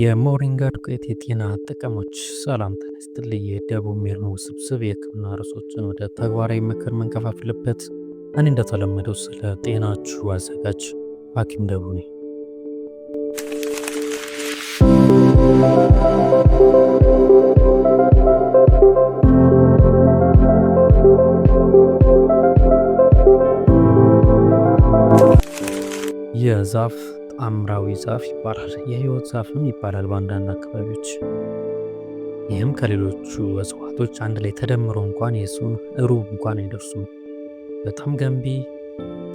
የሞሪንጋ ዱቄት የጤና ጥቅሞች። ሰላም ተነስትል። ይስጥልኝ። የደቡብ ውስብስብ የህክምና ርዕሶችን ወደ ተግባራዊ ምክር መንከፋፍልበት እኔ እንደተለመደው ስለ ጤናችሁ አዘጋጅ ሐኪም ደቡ ነኝ። የዛፍ ዛፍ ይባላል። የህይወት ዛፍም ይባላል በአንዳንድ አካባቢዎች። ይህም ከሌሎቹ እጽዋቶች አንድ ላይ ተደምሮ እንኳን የሱ ሩብ እንኳን አይደርሱም። በጣም ገንቢ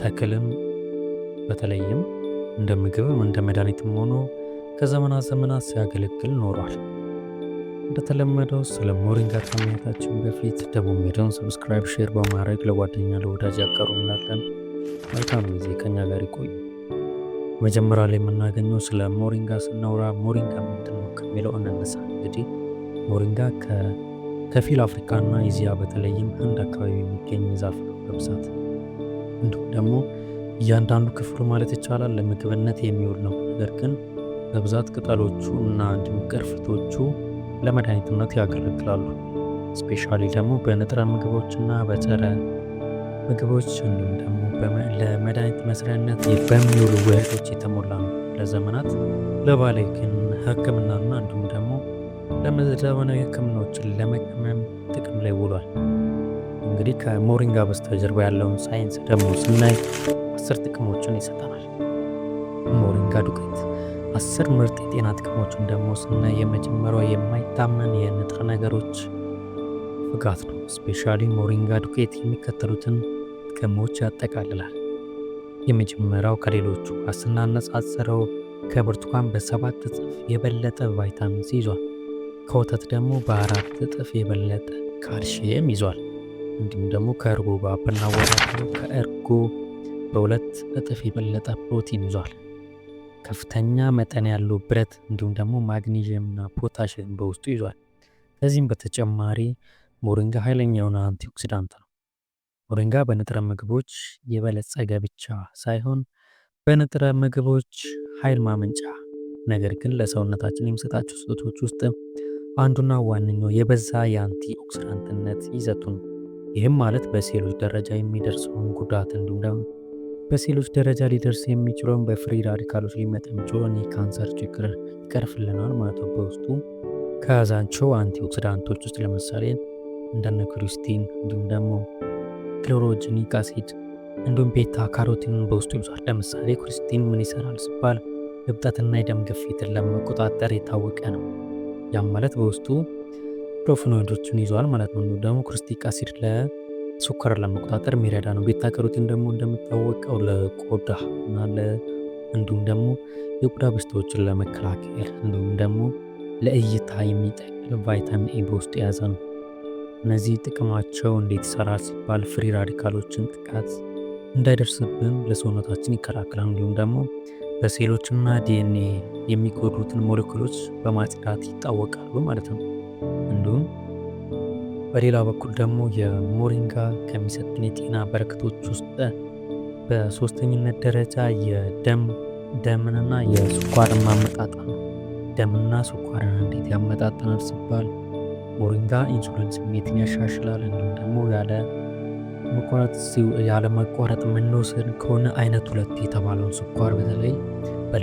ተክልም በተለይም እንደ ምግብም እንደ መድኃኒትም ሆኖ ከዘመናት ዘመናት ሲያገለግል ኖሯል። እንደተለመደው ስለ ሞሪንጋ ከማየታችን በፊት ደቡብ ሜድን ሰብስክራይብ፣ ሼር በማድረግ ለጓደኛ ለወዳጅ ያቀሩ እናለን። መልካም ጊዜ ከኛ ጋር ይቆዩ። መጀመሪያ ላይ የምናገኘው ስለ ሞሪንጋ ስናወራ ሞሪንጋ ምንድን ነው ከሚለው እንነሳ። እንግዲህ ሞሪንጋ ከከፊል አፍሪካና ኤዥያ በተለይም ህንድ አካባቢ የሚገኝ ዛፍ ነው በብዛት እንዲሁም ደግሞ እያንዳንዱ ክፍሉ ማለት ይቻላል ለምግብነት የሚውል ነው። ነገር ግን በብዛት ቅጠሎቹ እና እንዲሁም ቅርፊቶቹ ለመድኃኒትነት ያገለግላሉ። ስፔሻሊ ደግሞ በንጥረ ምግቦችና በጸረ ምግቦች እንዲሁም ደግሞ ለመድኃኒት መስሪያነት በሚውሉ ውህዶች የተሞላ ነው። ለዘመናት ለባህላዊ ሕክምናና እንዲሁም ደግሞ ለዘመናዊ ሕክምናዎችን ለመቀመም ጥቅም ላይ ውሏል። እንግዲህ ከሞሪንጋ በስተጀርባ ያለውን ሳይንስ ደግሞ ስናይ አስር ጥቅሞችን ይሰጠናል። ሞሪንጋ ዱቄት አስር ምርጥ የጤና ጥቅሞችን ደግሞ ስናይ የመጀመሪያው የማይታመን የንጥረ ነገሮች ፍጋት ነው። ስፔሻሊ ሞሪንጋ ዱቄት የሚከተሉትን ጥቅሞች ያጠቃልላል። የመጀመሪያው ከሌሎቹ ጋር ስናነጻጽረው ከብርቱካን በሰባት እጥፍ የበለጠ ቫይታሚን ሲ ይዟል። ከወተት ደግሞ በአራት እጥፍ የበለጠ ካልሽየም ይዟል። እንዲሁም ደግሞ ከእርጎ ጋር ብናወዳድረው ከእርጎ በሁለት እጥፍ የበለጠ ፕሮቲን ይዟል። ከፍተኛ መጠን ያለው ብረት እንዲሁም ደግሞ ማግኒዥየምና ፖታሽን በውስጡ ይዟል። ከዚህም በተጨማሪ ሞሪንጋ ኃይለኛ የሆነ አንቲኦክሲዳንት ነው። ሞሪንጋ በንጥረ ምግቦች የበለፀገ ብቻ ሳይሆን በንጥረ ምግቦች ኃይል ማመንጫ ነገር ግን ለሰውነታችን የሚሰጣቸው ስጦቶች ውስጥ አንዱና ዋነኛው የበዛ የአንቲ ኦክሲዳንትነት ይዘቱ ነው። ይህም ማለት በሴሎች ደረጃ የሚደርሰውን ጉዳት እንዲሁም ደግሞ በሴሎች ደረጃ ሊደርስ የሚችለውን በፍሪ ራዲካሎች ሊመጣ የሚችለውን የካንሰር ችግር ይቀርፍልናል ማለት ነው። በውስጡ ከያዛቸው አንቲ ኦክሲዳንቶች ውስጥ ለምሳሌ እንደነ ክሪስቲን እንዲሁም ደግሞ ክሎሮጂኒክ አሲድ እንዲሁም ቤታ ካሮቲንን በውስጡ ይዟል። ለምሳሌ ኩሪስቲን ምን ይሰራል ሲባል እብጠትና የደም ግፊትን ለመቆጣጠር የታወቀ ነው። ያም ማለት በውስጡ ፕሮፍኖዶችን ይዟል ማለት ነው። ደግሞ ክሪስቲክ አሲድ ለሱከር ለመቆጣጠር የሚረዳ ነው። ቤታ ካሮቲን ደግሞ እንደሚታወቀው ለቆዳ እና እንዲሁም ደግሞ የቆዳ በሽታዎችን ለመከላከል እንዲሁም ደግሞ ለእይታ የሚጠቅል ቫይታሚን ኤ በውስጡ የያዘ ነው። እነዚህ ጥቅማቸው እንዴት ይሰራል ሲባል ፍሪ ራዲካሎችን ጥቃት እንዳይደርስብን ለሰውነታችን ይከላከላል። እንዲሁም ደግሞ በሴሎችና ዲኤንኤ የሚጎዱትን ሞለኪሎች በማጽዳት ይታወቃሉ ማለት ነው። እንዲሁም በሌላ በኩል ደግሞ የሞሪንጋ ከሚሰጥን የጤና በረከቶች ውስጥ በሶስተኝነት ደረጃ የደም ደምንና የስኳርን ማመጣጠን ነው። ደምና ስኳርን እንዴት ያመጣጠናል ሲባል ሞሪንጋ ኢንሱሊን ስሜትን ያሻሽላል። እንዲሁም ደግሞ ያለ መቋረጥ ያለ መቋረጥ የምንወስድ ከሆነ አይነት ሁለት የተባለውን ስኳር በተለይ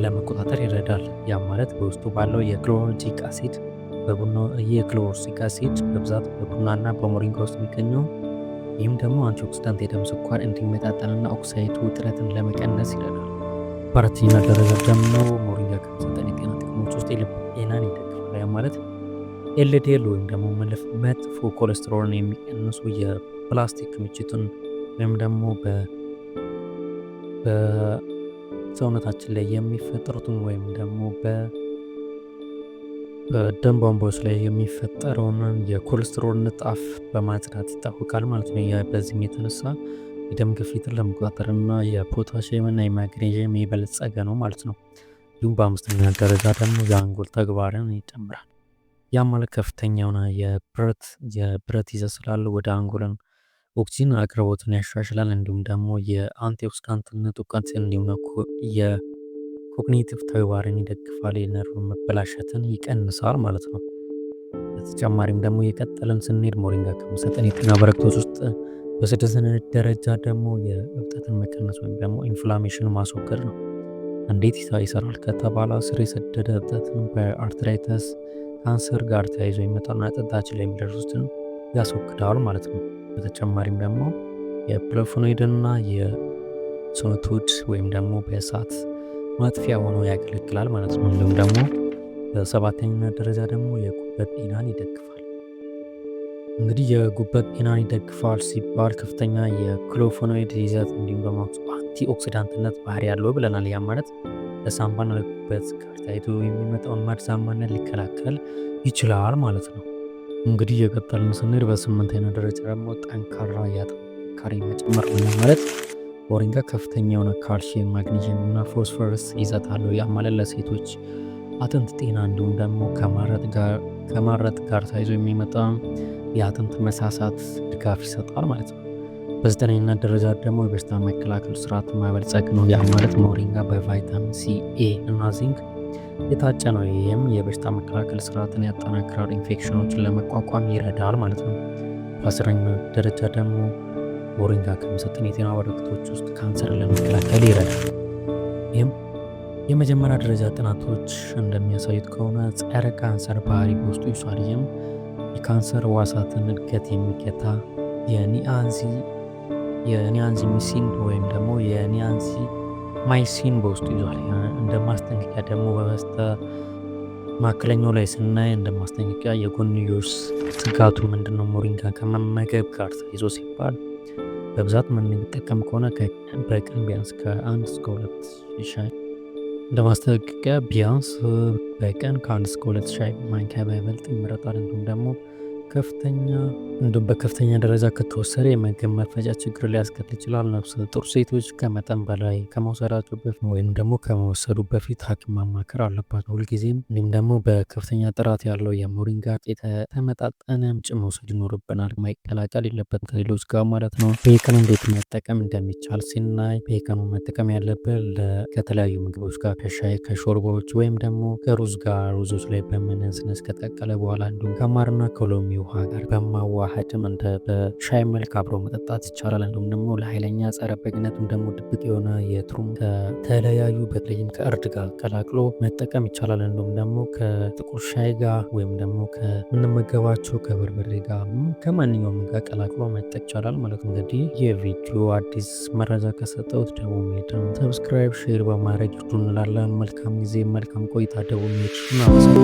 ለመቆጣጠር ይረዳል። ያ ማለት በውስጡ ባለው የክሎሮጂክ አሲድ በቡና የክሎሮሲክ አሲድ በብዛት በቡናና በሞሪንጋ ውስጥ የሚገኘው ይህም ደግሞ አንቲኦክሲዳንት የደም ስኳር እንዲመጣጠንና ኦክሳይቱ ውጥረትን ለመቀነስ ይረዳል። በአራተኛ ደረጃ ደግሞ ኤልዲኤል ወይም ደግሞ መጥፎ ኮሌስትሮልን የሚቀንሱ የፕላስቲክ ክምችቱን ወይም ደግሞ በሰውነታችን ላይ የሚፈጠሩትን ወይም ደግሞ በደም ቧንቧዎች ላይ የሚፈጠረውን የኮሌስትሮል ንጣፍ በማጽዳት ይታወቃል ማለት ነው። በዚህም የተነሳ የደም ግፊትን ለመቆጣጠርና የፖታሽምና የማግኔዥም የበለጸገ ነው ማለት ነው። እንዲሁም በአምስተኛ ደረጃ ደግሞ የአንጎል ተግባርን ይጨምራል። ያም ማለት ከፍተኛ የሆነ የብረት የብረት ይዘት ስላለው ወደ አንጎልን ኦክሲጅን አቅርቦትን ያሻሽላል። እንዲሁም ደግሞ የአንቲኦክሲዳንትነት እውቀት እንዲሁም የኮግኒቲቭ ተግባርን ይደግፋል። የነርቭ መበላሸትን ይቀንሳል ማለት ነው። በተጨማሪም ደግሞ የቀጠለን ስንሄድ ሞሪንጋ ከመሰጠን የጤና በረከቶች ውስጥ በስድስተኛ ደረጃ ደግሞ የእብጠትን መቀነስ ወይም ደግሞ ኢንፍላሜሽን ማስወገድ ነው። እንዴት ይሰራል ከተባለ ስር የሰደደ እብጠትን በአርትራይተስ ከካንሰር ጋር ተያይዞ የሚመጣና ጥንታችን ላይ የሚደርሱትን ያስወግዳል ማለት ነው። በተጨማሪም ደግሞ የፕሎፎኖይድና የሶኖቶድ ወይም ደግሞ በእሳት ማጥፊያ ሆኖ ያገለግላል ማለት ነው። እንዲሁም ደግሞ በሰባተኛ ደረጃ ደግሞ የጉበት ጤናን ይደግፋል። እንግዲህ የጉበት ጤናን ይደግፋል ሲባል ከፍተኛ የክሎፎኖይድ ይዘት እንዲሁም ደግሞ አንቲኦክሲዳንትነት ኦክሲዳንትነት ባህሪ ያለው ብለናል። ያ ማለት ለሳምባና ለጉበት ጋር ታይቶ የሚመጣውን መርዛማነት ሊከላከል ይችላል ማለት ነው። እንግዲህ የቀጠልን ስንሄድ በስምንተኛ ደረጃ ደግሞ ጠንካራ የጥንካሬ መጨመር ማለት ሞሪንጋ ከፍተኛ የሆነ ካልሲየም፣ ማግኒዥየም እና ፎስፎረስ ይዘት አለው። ያ ማለት ለሴቶች አጥንት ጤና እንዲሁም ደግሞ ከማረጥ ጋር ታይዞ የሚመጣ የአጥንት መሳሳት ድጋፍ ይሰጣል ማለት ነው። በዘጠነኛ ደረጃ ደግሞ የበሽታ መከላከል ስርዓት ማበልጸግ ነው። ያ ማለት ሞሪንጋ በቫይታሚን ሲ፣ ኤ እና ዚንክ የታጨ ነው። ይህም የበሽታ መከላከል ስርዓትን ያጠናክራል፣ ኢንፌክሽኖችን ለመቋቋም ይረዳል ማለት ነው። በአስረኛ ደረጃ ደግሞ ሞሪንጋ ከሚሰጥን የጤና በረከቶች ውስጥ ካንሰርን ለመከላከል ይረዳል። ይህም የመጀመሪያ ደረጃ ጥናቶች እንደሚያሳዩት ከሆነ ጸረ ካንሰር ባህሪ በውስጡ ይሷል። ይህም የካንሰር ዋሳትን እድገት የሚገታ የኒአንሲ የኒያንዚ ሚሲን ወይም ደግሞ የኒያንዚ ማይሲን በውስጡ ይዟል። እንደ ማስጠንቀቂያ ደግሞ በበስተ መካከለኛው ላይ ስናይ እንደ ማስጠንቀቂያ የጎንዮሽ ስጋቱ ምንድን ነው? ሞሪንጋ ከመመገብ ጋር ተይዞ ሲባል በብዛት የምንጠቀም ከሆነ በቀን ቢያንስ ከአንድ እስከ ሁለት ሻይ እንደ ማስጠንቀቂያ ቢያንስ በቀን ከአንድ እስከ ሁለት ሻይ ማንኪያ ባይበልጥ ይመረጣል። እንዲሁም ደግሞ ከፍተኛ እንዲሁም በከፍተኛ ደረጃ ከተወሰደ የምግብ መፈጫ ችግር ሊያስከትል ይችላል። ነፍሰ ጡር ሴቶች ከመጠን በላይ ከመውሰዳቸው በፊት ወይም ደግሞ ከመወሰዱ በፊት ሐኪም ማማከር አለባት ሁልጊዜም። እንዲሁም ደግሞ በከፍተኛ ጥራት ያለው የሞሪንጋ የተመጣጠነ ምንጭ መውሰድ ይኖርብናል። ማይቀላቀል የለበትም ከሌሎች ጋር ማለት ነው። ቤከን እንዴት መጠቀም እንደሚቻል ሲናይ ቤከኑ መጠቀም ያለብን ከተለያዩ ምግቦች ጋር ከሻይ ከሾርባዎች፣ ወይም ደግሞ ከሩዝ ጋር ሩዞች ላይ በመነስነስ ከጠቀለ በኋላ እንዲሁም ከማርና ከሎሚ ውሃ ጋር በማዋሃድም እንደ በሻይ መልክ አብሮ መጠጣት ይቻላል። እንዲሁም ደግሞ ለኃይለኛ ጸረ በግነቱም ደግሞ ድብቅ የሆነ የትሩም ከተለያዩ በተለይም ከእርድ ጋር ቀላቅሎ መጠቀም ይቻላል። እንዲሁም ደግሞ ከጥቁር ሻይ ጋር ወይም ደግሞ ከምንመገባቸው ከበርበሬ ጋር ከማንኛውም ጋር ቀላቅሎ መጠቅ ይቻላል ማለት ነው። እንግዲህ የቪዲዮ አዲስ መረጃ ከሰጠውት ደቡ ሜድም ሰብስክራይብ፣ ሼር በማድረግ ይርዱ እንላለን። መልካም ጊዜ፣ መልካም ቆይታ። ደቡ ሜድ ነው።